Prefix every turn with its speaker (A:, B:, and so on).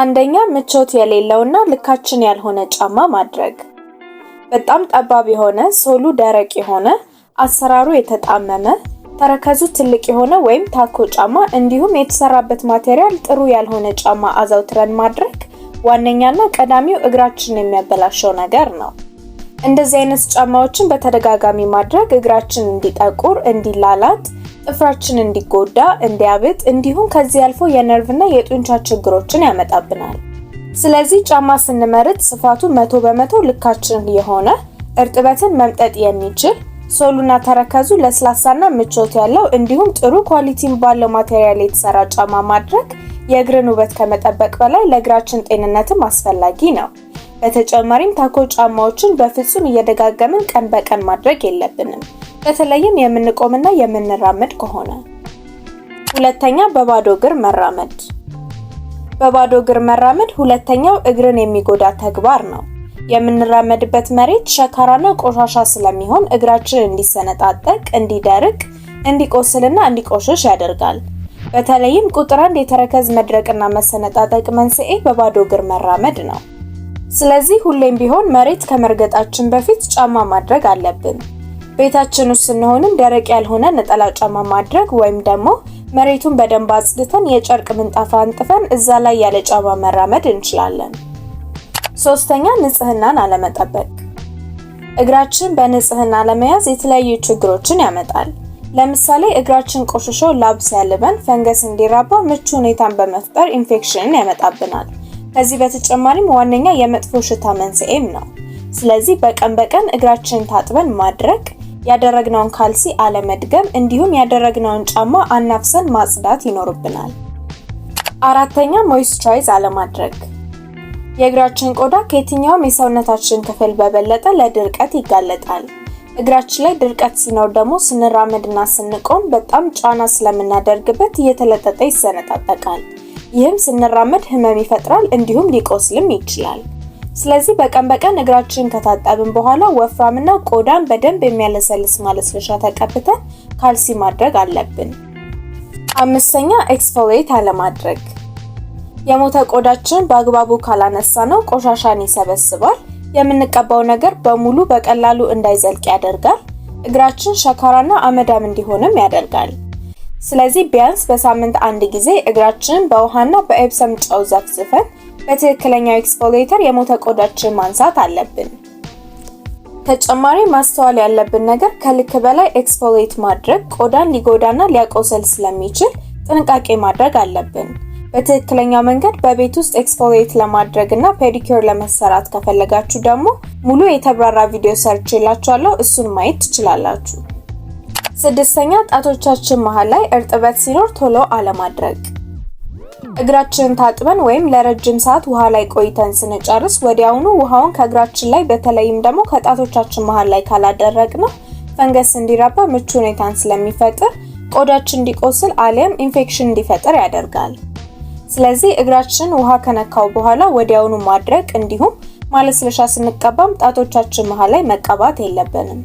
A: አንደኛ ምቾት የሌለውና ልካችን ያልሆነ ጫማ ማድረግ። በጣም ጠባብ የሆነ ሶሉ ደረቅ የሆነ አሰራሩ የተጣመመ ተረከዙ ትልቅ የሆነ ወይም ታኮ ጫማ እንዲሁም የተሰራበት ማቴሪያል ጥሩ ያልሆነ ጫማ አዘውትረን ማድረግ ዋነኛና ቀዳሚው እግራችንን የሚያበላሸው ነገር ነው። እንደዚህ አይነት ጫማዎችን በተደጋጋሚ ማድረግ እግራችን እንዲጠቁር፣ እንዲላላጥ፣ ጥፍራችን እንዲጎዳ፣ እንዲያብጥ እንዲሁም ከዚህ አልፎ የነርቭና የጡንቻ ችግሮችን ያመጣብናል። ስለዚህ ጫማ ስንመርጥ ስፋቱ መቶ በመቶ ልካችን የሆነ እርጥበትን መምጠጥ የሚችል ሶሉና ተረከዙ ለስላሳና ምቾት ያለው እንዲሁም ጥሩ ኳሊቲ ባለው ማቴሪያል የተሰራ ጫማ ማድረግ የእግርን ውበት ከመጠበቅ በላይ ለእግራችን ጤንነትም አስፈላጊ ነው። በተጨማሪም ታኮ ጫማዎችን በፍጹም እየደጋገምን ቀን በቀን ማድረግ የለብንም፣ በተለይም የምንቆምና የምንራመድ ከሆነ። ሁለተኛ በባዶ እግር መራመድ። በባዶ እግር መራመድ ሁለተኛው እግርን የሚጎዳ ተግባር ነው። የምንራመድበት መሬት ሸካራና ቆሻሻ ስለሚሆን እግራችን እንዲሰነጣጠቅ፣ እንዲደርቅ፣ እንዲቆስልና እንዲቆሽሽ ያደርጋል። በተለይም ቁጥር አንድ የተረከዝ መድረቅና መሰነጣጠቅ መንስኤ በባዶ እግር መራመድ ነው። ስለዚህ ሁሌም ቢሆን መሬት ከመርገጣችን በፊት ጫማ ማድረግ አለብን። ቤታችን ውስጥ ስንሆንም ደረቅ ያልሆነ ነጠላ ጫማ ማድረግ ወይም ደግሞ መሬቱን በደንብ አጽድተን የጨርቅ ምንጣፍ አንጥፈን እዛ ላይ ያለ ጫማ መራመድ እንችላለን። ሶስተኛ ንጽህናን አለመጠበቅ። እግራችን በንጽህና ለመያዝ የተለያዩ ችግሮችን ያመጣል። ለምሳሌ እግራችን ቆሽሾ ላብ ሲያልበን ፈንገስ እንዲራባ ምቹ ሁኔታን በመፍጠር ኢንፌክሽንን ያመጣብናል። ከዚህ በተጨማሪም ዋነኛ የመጥፎ ሽታ መንስኤም ነው። ስለዚህ በቀን በቀን እግራችንን ታጥበን ማድረግ ያደረግነውን ካልሲ አለመድገም፣ እንዲሁም ያደረግነውን ጫማ አናፍሰን ማጽዳት ይኖርብናል። አራተኛ ሞይስቸራይዝ አለማድረግ የእግራችን ቆዳ ከየትኛውም የሰውነታችን ክፍል በበለጠ ለድርቀት ይጋለጣል። እግራችን ላይ ድርቀት ሲኖር ደግሞ ስንራመድና ስንቆም በጣም ጫና ስለምናደርግበት እየተለጠጠ ይሰነጣጠቃል። ይህም ስንራመድ ህመም ይፈጥራል፣ እንዲሁም ሊቆስልም ይችላል። ስለዚህ በቀን በቀን እግራችንን ከታጠብን በኋላ ወፍራምና ቆዳን በደንብ የሚያለሰልስ ማለስለሻ ተቀብተን ካልሲ ማድረግ አለብን። አምስተኛ ኤክስፎሌት አለማድረግ። የሞተ ቆዳችንን በአግባቡ ካላነሳ ነው ቆሻሻን ይሰበስባል። የምንቀባው ነገር በሙሉ በቀላሉ እንዳይዘልቅ ያደርጋል። እግራችን ሸካራና አመዳም እንዲሆንም ያደርጋል። ስለዚህ ቢያንስ በሳምንት አንድ ጊዜ እግራችንን በውሃና በኤፕሰም ጨው ዘፍዝፈን በትክክለኛው ኤክስፎሌተር የሞተ ቆዳችን ማንሳት አለብን። ተጨማሪ ማስተዋል ያለብን ነገር ከልክ በላይ ኤክስፎሌት ማድረግ ቆዳን ሊጎዳና ሊያቆሰል ስለሚችል ጥንቃቄ ማድረግ አለብን። በትክክለኛው መንገድ በቤት ውስጥ ኤክስፎሌት ለማድረግ እና ፔዲኪር ለመሰራት ከፈለጋችሁ ደግሞ ሙሉ የተብራራ ቪዲዮ ሰርች ሰርቼላችኋለሁ። እሱን ማየት ትችላላችሁ። ስድስተኛ ጣቶቻችን መሃል ላይ እርጥበት ሲኖር ቶሎ አለማድረግ። እግራችንን ታጥበን ወይም ለረጅም ሰዓት ውሃ ላይ ቆይተን ስንጨርስ ወዲያውኑ ውሃውን ከእግራችን ላይ በተለይም ደግሞ ከጣቶቻችን መሃል ላይ ካላደረግነው ፈንገስ እንዲራባ ምቹ ሁኔታን ስለሚፈጥር ቆዳችን እንዲቆስል አሊያም ኢንፌክሽን እንዲፈጠር ያደርጋል። ስለዚህ እግራችን ውሃ ከነካው በኋላ ወዲያውኑ ማድረቅ እንዲሁም ማለስለሻ ስንቀባም ጣቶቻችን መሃል ላይ መቀባት የለብንም።